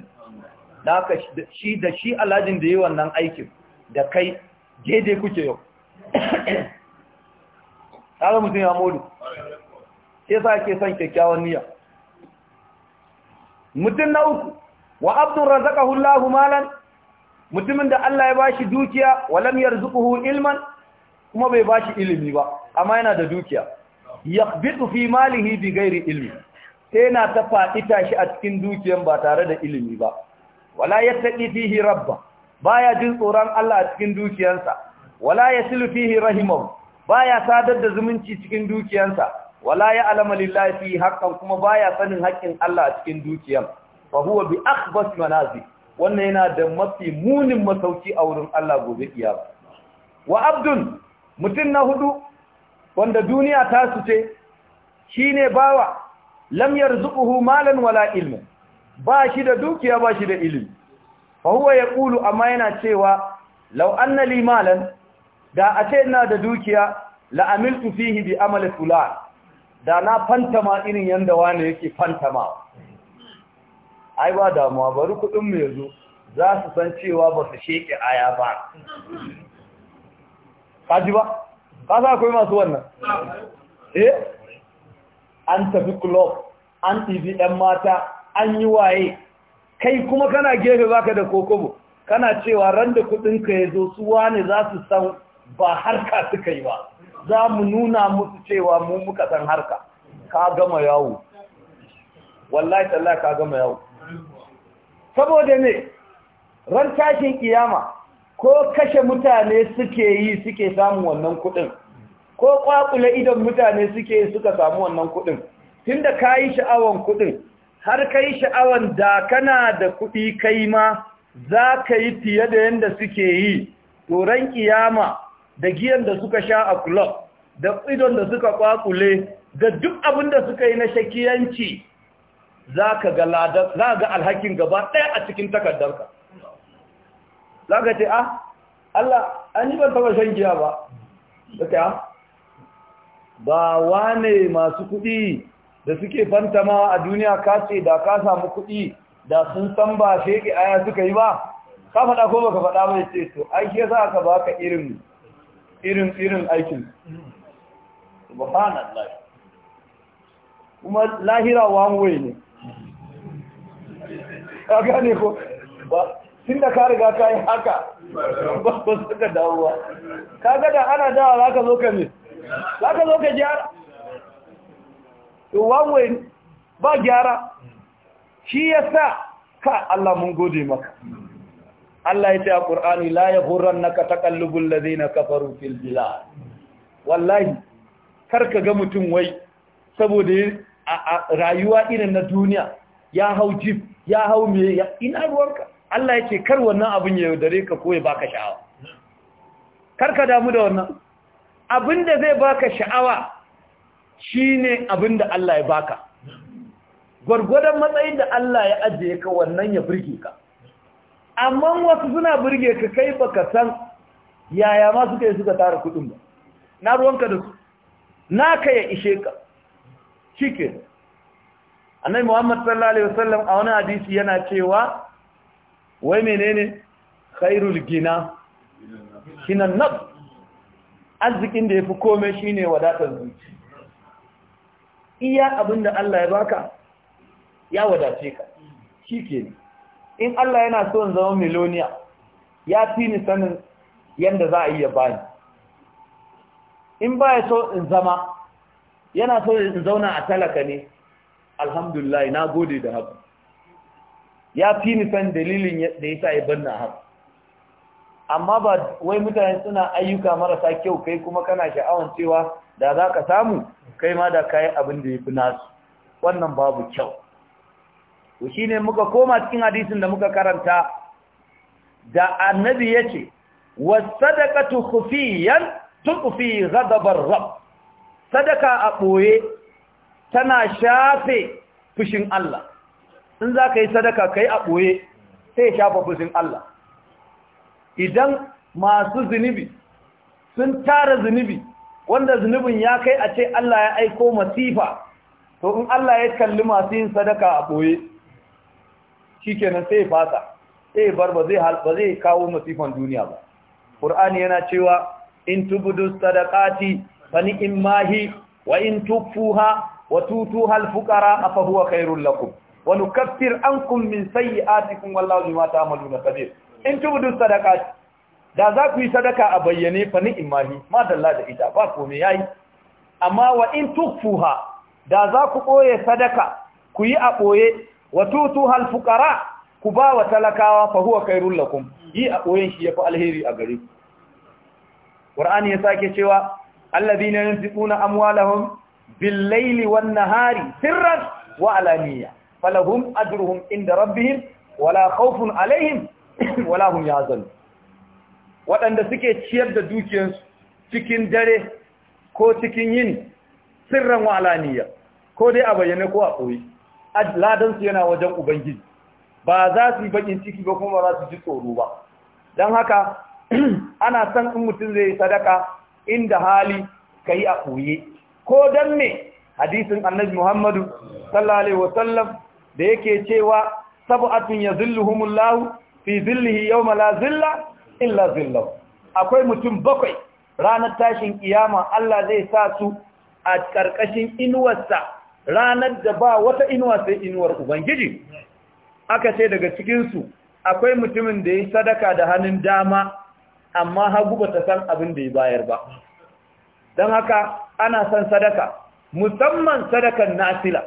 da ka shi da shi alajin da yi wannan aikin da kai daidai kuke yau zama mutum ya modu sai sa ke son kyakkyawan niyya mutum na uku wa abdun razaqahu hulahu malan mutumin da Allah ya bashi dukiya walam yarzuquhu ilman kuma bai bashi ilimi ba amma yana da dukiya yaqbitu fi malihi gairi ilmi sai yana ta faɗi tashi a cikin dukiyan ba tare da ilimi ba wala yattaqi fihi rabba baya jin tsoron Allah a cikin dukiyansa wala yasilu fihi rahimahu baya sadar da zumunci cikin dukiyansa wala ya alama lillahi fi haqqan kuma baya sanin haƙƙin Allah a cikin dukiyar fa huwa bi akhbas manazi wannan yana da mafi munin masauki a wurin Allah gobe iya wa abdun mutum na hudu wanda duniya ta su ce shine bawa lam yarzuquhu malan wala ilmin ba shi da dukiya ba shi da ilimi fa huwa yaqulu amma yana cewa law anna li malan da a ce ina da dukiya la amiltu fihi bi amali fulan da na fantama irin yadda wani yake fantama ai ba damuwa bari kudin mu yazo za su san cewa ba su sheke aya ba kaji ba ka sa akwai masu wannan eh an tafi club an tafi ɗan mata an yi waye kai kuma kana gefe baka da kokobo kana cewa ran da ka ya zo su wani za su san ba harka suka yi ba za mu nuna musu cewa mu muka san harka ka gama yawo wallahi tallahi ka gama yawo saboda ne ran tashin kiyama ko kashe mutane suke yi suke samu wannan kudin ko kwakule idan mutane suke suka samu wannan kudin tunda kayi sha'awan kudin har kai sha'awan da kana da kudi kai ma za ka yi fiye da yanda suke yi to ran kiyama da giyan da suka sha a kulob, da idon da suka kwakule da duk abin da suka yi na shakiyanci za ka ga alhakin gaba ɗaya a cikin takardarka za ka ce a ah, Allah an yi ban taba shan giya ba suka ah, ba wane masu kuɗi da suke fantama a duniya ka ce da ka samu kuɗi da sun san ba sheke aya suka yi ba ka faɗa ko baka faɗa mai ce to ai za ka ba baka irin irin irin aikin subhanallah kuma lahira one way ne a gane ko ba tun da ka riga ka yi haka ba su ka dawowa ka gada ana dawa za ka zo ka ne za ka zo ka gyara to one way ba gyara shi ya sa ka Allah mun gode maka Allah ya ce a Qur'ani la ya yaghurrannaka taqallubul ladina kafaru fil bilad wallahi karka ga mutum wai saboda rayuwa irin na duniya ya hau jib ya hau me ina ruwarka Allah ya ce kar wannan abin ya yaudare ka ko baka sha'awa karka damu da wannan abin da zai baka sha'awa shine abin da Allah ya baka gwargwadon matsayin da Allah ya ajiye ka wannan ya burge ka amma wasu suna burge ka kai baka san yaya ma suka yi suka tara kudin ba na ruwanka da su na ka ya ishe ka cike annabi Muhammad sallallahu alaihi wasallam a wani hadisi yana cewa wai menene khairul gina kinan nab arzikin da yafi komai shine wadatar zuci iya abinda Allah ya baka ya wadace ka shikenan in Allah yana so in zama miloniya ya fi ni sanin yadda za a iya bani in ba ya so in zama yana so in zauna a talaka ne alhamdulillah na gode da haka ya fi ni san dalilin da ya sa ya banna haka amma ba wai mutane suna ayyuka marasa kyau kai kuma kana sha'awan cewa da za ka samu kai ma da kayi abin da ya fi nasu wannan babu kyau to shine muka koma cikin hadisin da muka karanta da annabi yace wasadaqatu khufiyan tuqfi ghadabar rabb sadaka a boye tana shafe fushin Allah in zaka yi sadaka kai a boye sai shafe fushin Allah idan masu zunubi sun tara zunubi wanda zunubin ya kai a ce Allah ya aiko masifa to in Allah ya kalli masu yin sadaka a boye shikenan sai ya fasa sai bar ba zai ba zai kawo masifan duniya ba qur'ani yana cewa in tubudu sadaqati fa ni'mahi wa in tukfuha wa tutuha al-fuqara fa huwa khairul lakum wa nukaffir ankum min sayyi'atikum wallahu bima ta'maluna kabir in tubudu sadaqati da za ku yi sadaka a bayyane fa mahi, ma dalla da ita ba komai yayi amma wa in tukfuha da za ku ɓoye sadaka ku yi a ɓoye wa tutu hal fukara ku bawa wa talakawa fa huwa khairul lakum yi a koyen shi yafi alheri a gare ku qur'ani ya sake cewa alladhina yunfiquna amwalahum bil layli wan nahari sirran wa alaniya falahum ajruhum inda rabbihim wala khawfun alaihim wala hum yahzanun waɗanda suke ciyar da dukiyarsu cikin dare ko cikin yin sirran wa alaniya ko dai a bayyane ko a ɓoye ladansu yana wajen ubangiji ba za su yi bakin ciki ba kuma ba za su ji tsoro ba don haka ana san in mutum zai sadaka inda hali ka yi a ɓoye ko don me hadisin annabi muhammadu sallallahu alaihi wasallam da yake cewa sab'atun yazilluhumullahu fi zillihi yawma la zilla illa zillau. akwai mutum bakwai ranar tashin kiyama Allah zai sa su a ƙarƙashin inuwarsa ranar da ba wata inuwa sai inuwar ubangiji aka ce daga cikinsu akwai mutumin da ya sadaka da hannun dama amma hagu ba ta san abin da ya bayar ba don haka ana son sadaka musamman sadakan nafila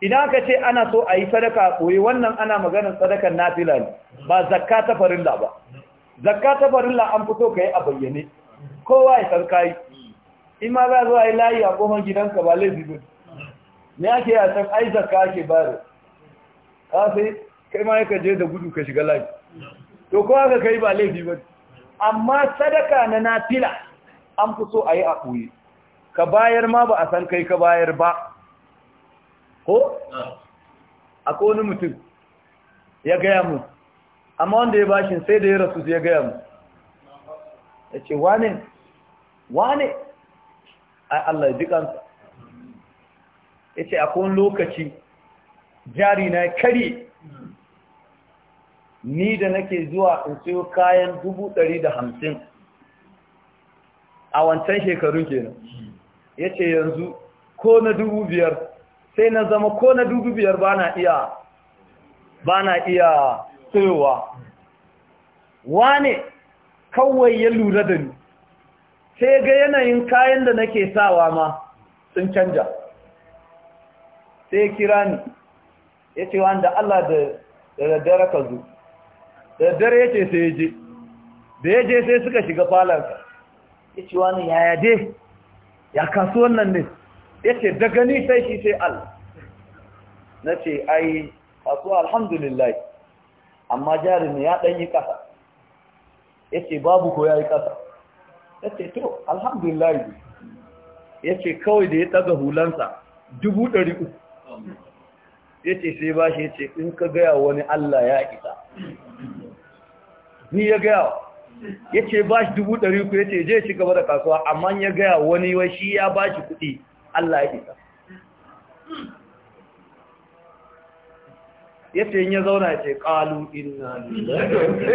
idan aka ce ana so a yi sadaka koyi wannan ana maganar sadakan nafila ne ba zakka ta farilla ba zakka ta farilla an fito ka yi a bayyane kowa ya san kayi in ma za zuwa yi layi a kofar gidanka ba laifi ne ake yi a san ai zakka ake bayar ka sai kai ma yaka je da gudu ka shiga lafi to kowa ka kai ba laifi ba amma sadaka na nafila an fi so a yi a ɓoye ka bayar ma ba a san kai ka bayar ba ko? a wani mutum ya gaya mu amma wanda ya bashin sai da ya rasu ya gaya mu ya ce wane wane ai Allah ya jikansa ya ce akwai lokaci jari na kari ni da nake zuwa in sayo kayan dubu ɗari da hamsin a wancan shekarun kenan ya ce yanzu ko na dubu biyar sai na zama ko na dubu biyar ba na iya ba na iya sayowa wane kawai ya lura da ni sai ga yanayin kayan da nake sawa ma sun canja sai kira ni ya ce wanda Allah da daddare ka zo daddare ya ce sai ya je da ya je sai suka shiga ka. ya ce wani yaya dai ya kasuwan nan ne ya ce daga ni sai shi sai allah. na ce ai kasuwa alhamdulillah amma jarin ya ɗan yi ƙasa ya ce babu ko ya yi ƙasa ya ce to alhamdulillah ya ce kawai da ya ɗaga hulansa dubu ɗari uku ya ce sai ba shi ya ce in ka gaya wani Allah ya isa ni ya gaya ya ce ba shi dubu ɗari ku ya ce je shi gaba da kasuwa amma ya gaya wani wai shi ya ba shi kuɗi Allah ya isa ya ce ya zauna ya ce ƙalu ina lillahi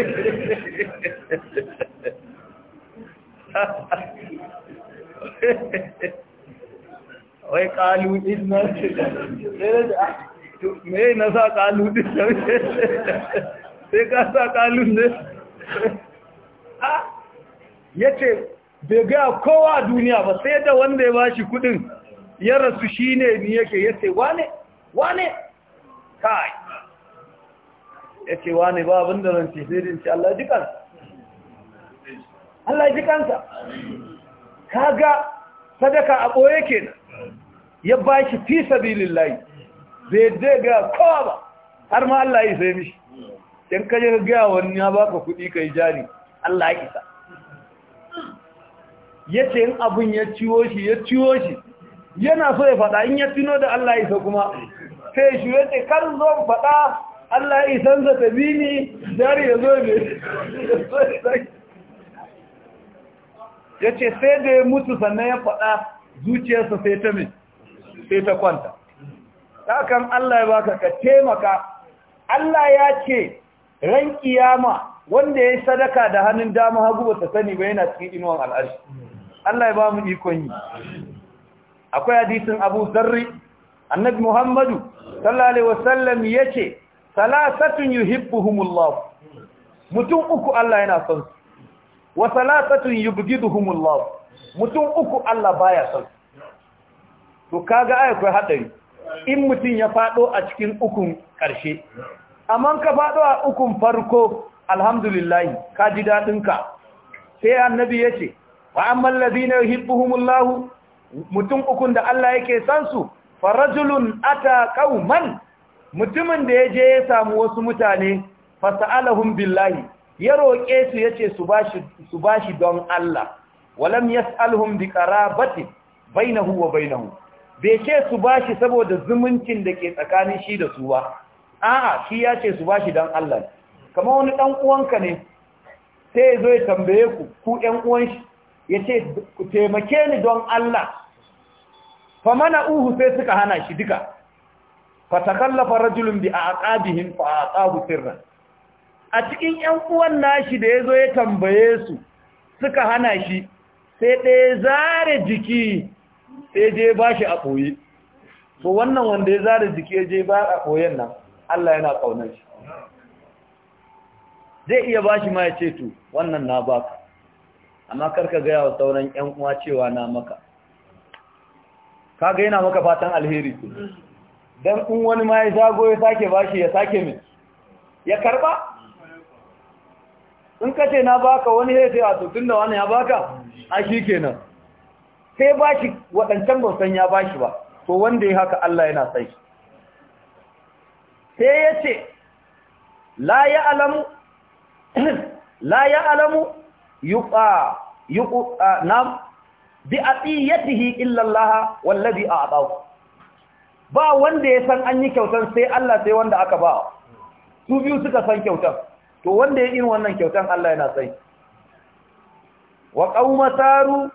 wai kalu izna ah, me na sa kalu din sai ka sa kalun ne yace bai gaya kowa a duniya ba sai da wanda ya bashi kudin ya rasu shine ni yake yace wane wane kai yace wane ba abin da ran ce sai din ce Allah ji kansa Allah ji kansa kaga sadaka a boye kenan ya ba shi fi sabilillahi bai zai ga kowa ba har ma Allah ya sai mishi Ɗan kaje ka gaya wani ya baka kuɗi yi jari Allah ya isa ce in abun ya ciwo shi ya ciwo shi yana so ya faɗa in ya tuno da Allah ya isa kuma sai shi ya ce kar zo faɗa Allah ya ta sa ni, jari ya zo ne ce sai da ya mutu sannan ya faɗa zuciyarsa sai ta mai sai ta kwanta takan Allah ya baka ka taimaka Allah ya ce ran kiyama wanda ya sadaka da hannun dama hagu ba ta sani ba yana cikin inuwan al'arshi Allah ya ba mu ikon yi akwai hadisin Abu Zarri annabi Muhammadu sallallahu alaihi wasallam ce salasatun humullahu. mutum uku Allah yana son su wa salasatun humullahu? mutum uku Allah baya son to kaga ai akwai hadari in mutum ya fado a cikin ukun karshe amma ka fado a ukun farko alhamdulillah ka ji dadin ka sai annabi yace wa ammal ladina yuhibbuhumullah mutum ukun da Allah yake san su farajulun ata qauman mutumin da ya je ya samu wasu mutane fasalahum billahi ya roƙe su yace su bashi su bashi don Allah walam yas'alhum biqarabati bainahu wa bainahu bai ce su bashi saboda zumuncin da ke tsakanin shi da su ba a'a shi ya ce su bashi don Allah kamar wani ɗan uwanka ne sai ya zo ya tambaye ku ku ɗan uwan shi ya ce ku taimake ni don Allah fa mana uhu sai suka hana shi duka fa takallafa rajulun bi aqabihim fa aqabu sirran a cikin ƴan uwan nashi da ya zo ya tambaye su suka hana shi sai ɗaya zare jiki sai je ba shi a koyi. to wannan wanda ya zara jiki je ba a ɓoyen nan Allah yana ƙaunar shi zai iya ba shi ma ya ce to wannan na baka amma karka gaya wa sauran ƴan uwa cewa na maka kaga yana maka fatan alheri dan in wani ma ya zago ya sake bashi ya sake min ya karba in ka ce na baka wani ya ce a to da wani ya baka a shi kenan sai ba shi waɗancan bautan ya ba shi ba to wanda ya haka Allah yana sai sai ya ce la ya alamu la ya alamu yuqa yuqa nam bi atiyatihi illa Allah a a'tahu ba wanda ya san an yi kyautan sai Allah sai wanda aka ba su biyu suka san kyautan to wanda ya yi wannan kyautan Allah yana sai wa qauma saru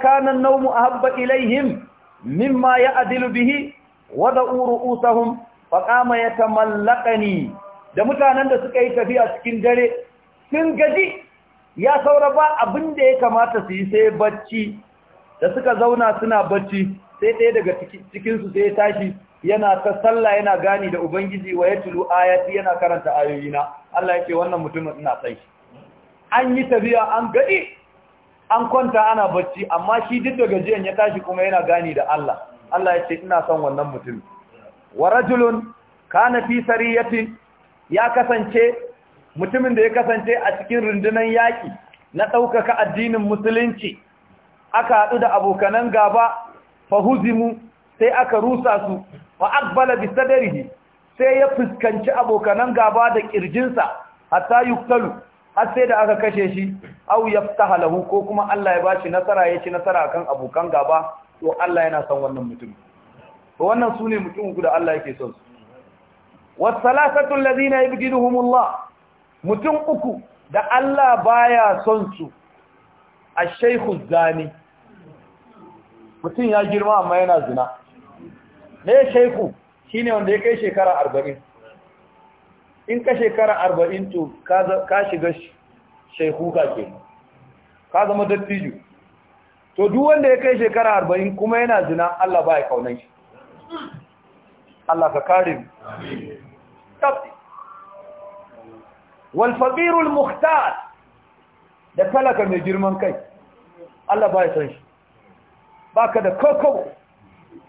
kana an-nawmu ahabba ilayhim mimma ya'dilu bihi wa به وضعوا fa qama yatamallaqani da mutanen da suka yi tafiya cikin dare sun gaji ya saura ba abin da ya kamata su yi sai bacci da suka zauna suna bacci sai ɗaya daga cikinsu sai ya tashi yana ta sallah yana gani da ubangiji wa ya tulu ayati yana karanta ayoyina Allah ya ce wannan mutumin ina sai an yi tafiya an gadi an kwanta ana bacci amma shi duk da gajiyan ya tashi kuma yana gani da Allah Allah ya ce ina son wannan mutum wa rajulun kana fi sariyati ya kasance mutumin da ya kasance a cikin rundunar yaki na ɗaukaka addinin musulunci aka haɗu da abokanan gaba fahuzimu sai aka rusa su fa aqbala bi sadrihi sai ya fuskanci abokanan gaba da kirjinsa hatta yuktalu har sai da aka kashe shi au yaftaha lahu ko kuma Allah ya bashi nasara ya ci nasara akan abokan gaba to Allah yana son wannan mutum to wannan sune mutum uku da Allah yake son su salasatu alladhina Allah mutum uku da Allah baya son su ash-shaykh mutum ya girma amma yana zina ne shi shine wanda ya kai shekara 40 in ka shekara arba'in to ka shiga shaihuka ke ka zama dattijo to duk wanda ya kai shekara arba'in kuma yana zina Allah ba ya kaunan shi Allah ka kare tafi walfaɓirul muhtar da talaka mai girman kai Allah ba ya san shi ba ka da kokobo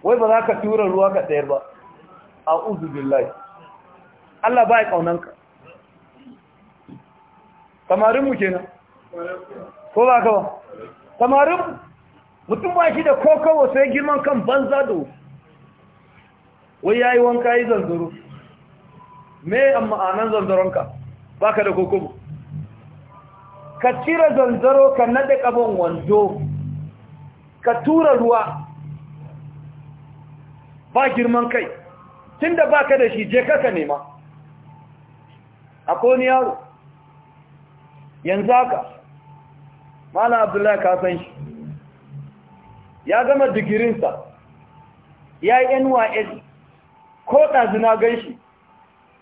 wai ba za ka tura ruwa ka tsayar ba a uzu billahi Allah ba ya ƙaunanka samarinmu nan, ko ba ka ba samarinmu mutum ba shi da kokowa sai girman kan banza da wai ya yi wanka yi zanzaro me an ma'anan zanzaronka ba ka da kokowa ka cire zanzaro ka naɗe ƙaban wando ka tura ruwa ba girman kai tun da ba ka da shi je ka nema akwai wani yaro yanzu haka mana abdullahi ka san shi ya gama digirinsa ya yi nys ko ɗazina gan shi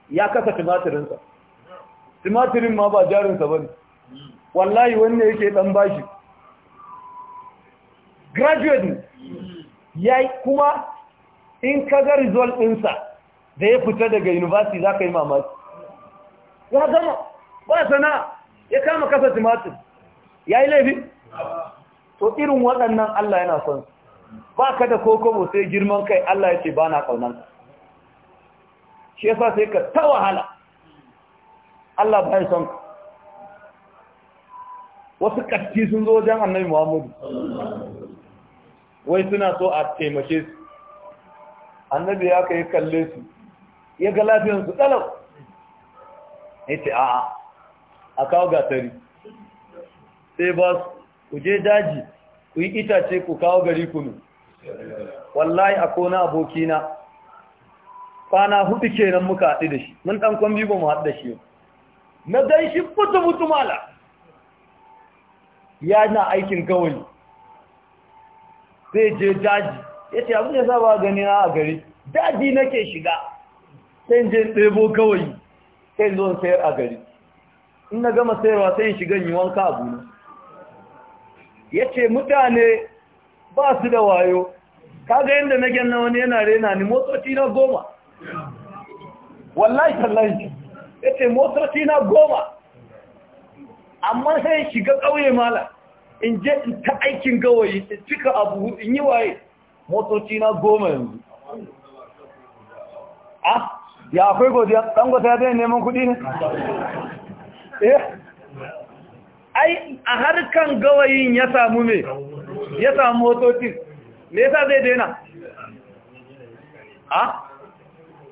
ya kasa timatirinsa timatirin ma ba jarinsa ba ne wallahi wanne yake ɗan bashi graduate ne ya kuma in ka ga result ɗinsa da ya fita daga university za ka yi mamaki ya gama ba sana'a ya kama kasa timatir ya yi laifin? to irin waɗannan Allah yana son ba ka da kokobo sai girman kai Allah ya ce ba na ƙaunar shi yasa sai ka ta wahala Allah ba ya son wasu ƙarfi sun zo wajen annabi Muhammadu wai suna so a taimake su annabi ya kai kalle su ya ga lafiyansu ɗalau ya ce a'a a kawo gatari sai ba ku je daji ku yi itace ku kawo gari kunu wallahi a kona abokina kwana hudu kenan muka haɗu da shi mun ɗan kwambi ba mu haɗu da shi na dan shi fito mutu mala ya na aikin kawai sai je daji ya ce abin da ba gani na a gari daji nake shiga sai je ɗebo kawai sai zo sayar a gari in na gama sayarwa sai in shiga yi wanka abu ne ya ce mutane ba su da wayo kaga yadda na gyan na wani yana rena ni motoci na goma wallahi tallahi ya ce motoci na goma amma sai shiga ƙauye mala in je in ta aikin gawayi in cika abu in yi waye motoci na goma yanzu ah, ya akwai godiya dangote ya zai neman kuɗi ne eh? ai a harkan gawayin ya samu me ya samu motoci me yasa zai daina a ah?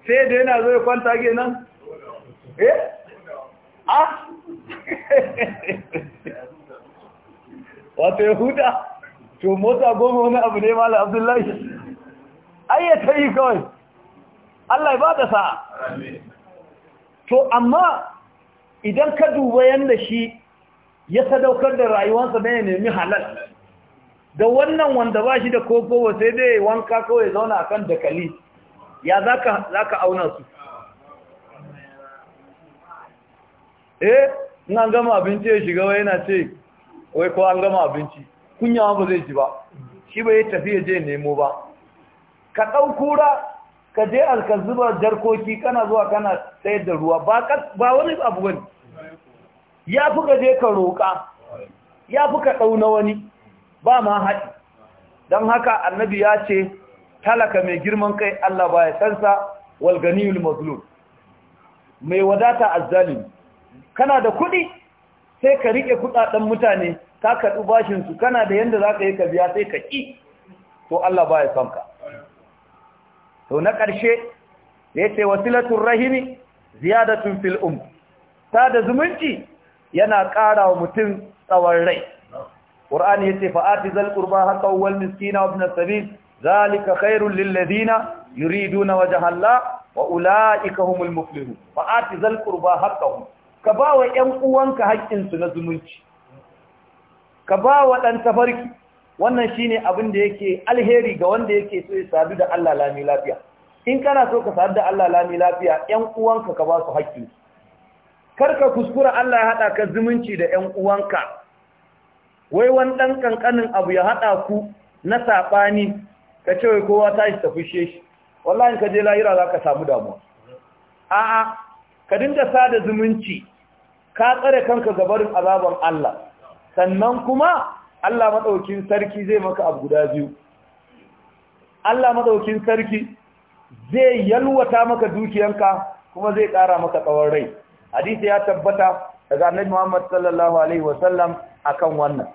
sai daina zai kwanta kenan eh a ah? wata ya huta to mota goma wani abu ne ma abdullahi ai ya ta yi kawai Allah ya ba da sa'a to amma idan ka duba yadda shi ya sadaukar da rayuwansa don ya nemi halal da wannan wanda ba shi da kokowa sai dai wanka kawai zauna a kan dakali ya za ka auna su eh ina gama abinci ya shiga wai yana ce wai ko an gama abinci kunyawa ba zai ji ba shi ba ya tafi ya je nemo ba ka ɗau kura ka je alka zuba jarkoki kana zuwa kana sayar da ruwa ba wani abu wani ya fi ka je ka roƙa ya fi ka ɗauna wani ba ma haɗi don haka annabi ya ce talaka mai girman kai Allah ba ya sansa walganiyul mazlum mai wadata azzalimi kana da kuɗi sai ka riƙe kuɗaɗen mutane ka kaɗu bashinsu kana da yadda za ka yi ka biya sai ka ƙi to Allah ba ya sanka to na ƙarshe da yace wasilatul rahimi ziyadatun fil um sada zumunci yana ƙara wa mutum tsawon rai qur'ani yace fa atizal qurba haqa wal miskina wa sabil zalika khairul lil ladina yuriduna wajha Allah wa ulaika humul muflihun fa atizal qurba haqa ka ba wa ƴan uwanka haƙƙinsu na zumunci ka bawa ɗan tafarki wannan shi ne abin da yake alheri ga wanda yake so ya sadu da Allah lami lafiya in kana so ka sadu da Allah lami lafiya ƴan uwanka ka ba su haƙƙi karka kuskura Allah ya hada ka zumunci da ƴan uwanka wai wani dan kankanin abu ya haɗa ku na sabani ka ce wai kowa tashi ta fushe shi wallahi ka je lahira zaka samu damuwa a'a ka dinga sada zumunci ka tsare kanka gabarin azaban Allah sannan kuma Allah maɗaukin sarki zai maka abu guda biyu Allah maɗaukin sarki zai yalwata maka dukiyanka kuma zai ƙara maka tsawon rai hadisi ya tabbata daga annabi Muhammad sallallahu alaihi wasallam akan wannan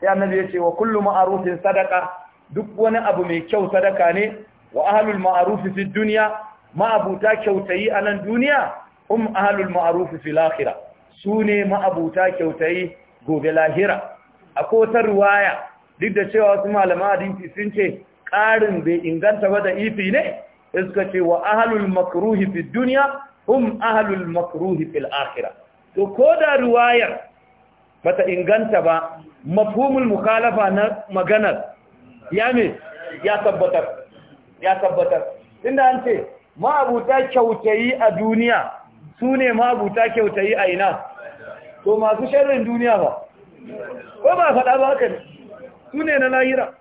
sai annabi ya ce wa kullum ma'arufin sadaka duk wani abu mai kyau sadaka ne wa ahlul ma'arufi fi dunya ma'abuta kyautayi a nan duniya um ahlul ma'rufi fi akhirah sune ma'abuta kyautayi gobe lahira akwai wata ruwaya duk da cewa wasu malaman hadisi sun ce ƙarin bai inganta ba da ifi ne Iska ce wa ahlul makruhi fi dunya hum ahlul makruhi fil akhirah to ko da ruwayar bata inganta ba mafhumul mukhalafa na maganar ya me ya tabbatar ya tabbatar inda an ce ma'abuta kyautayi a duniya su ne ma'abuta kyautayi a ina to masu sharrin duniya ba ko ba faɗa ba haka ne su ne na lahira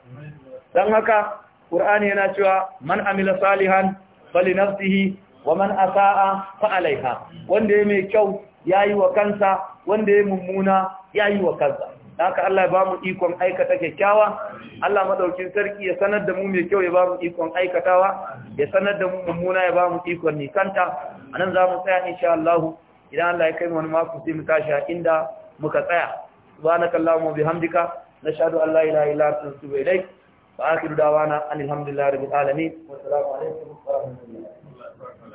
don haka ƙur'ani yana cewa man amila salihan fali nafsihi wa man asa'a fa'alaiha, wanda ya mai kyau ya yi wa kansa wanda ya mummuna yi wa kansa haka Allah ya ba mu ikon aikata kyakkyawa Allah madaukin sarki ya sanar da mu mai kyau ya ba mu ikon aikatawa ya sanar da mu mummuna ya ba mu ikon nikanta anan za mu tsaya insha Allah idan Allah ya kai mu wani mako sai mu tashi inda muka tsaya subhanaka allahumma bihamdika nashhadu an la ilaha illa anta nastaghfiruka wa natubu ilayk wa akhiru da'wana alhamdulillahi rabbil alamin wa assalamu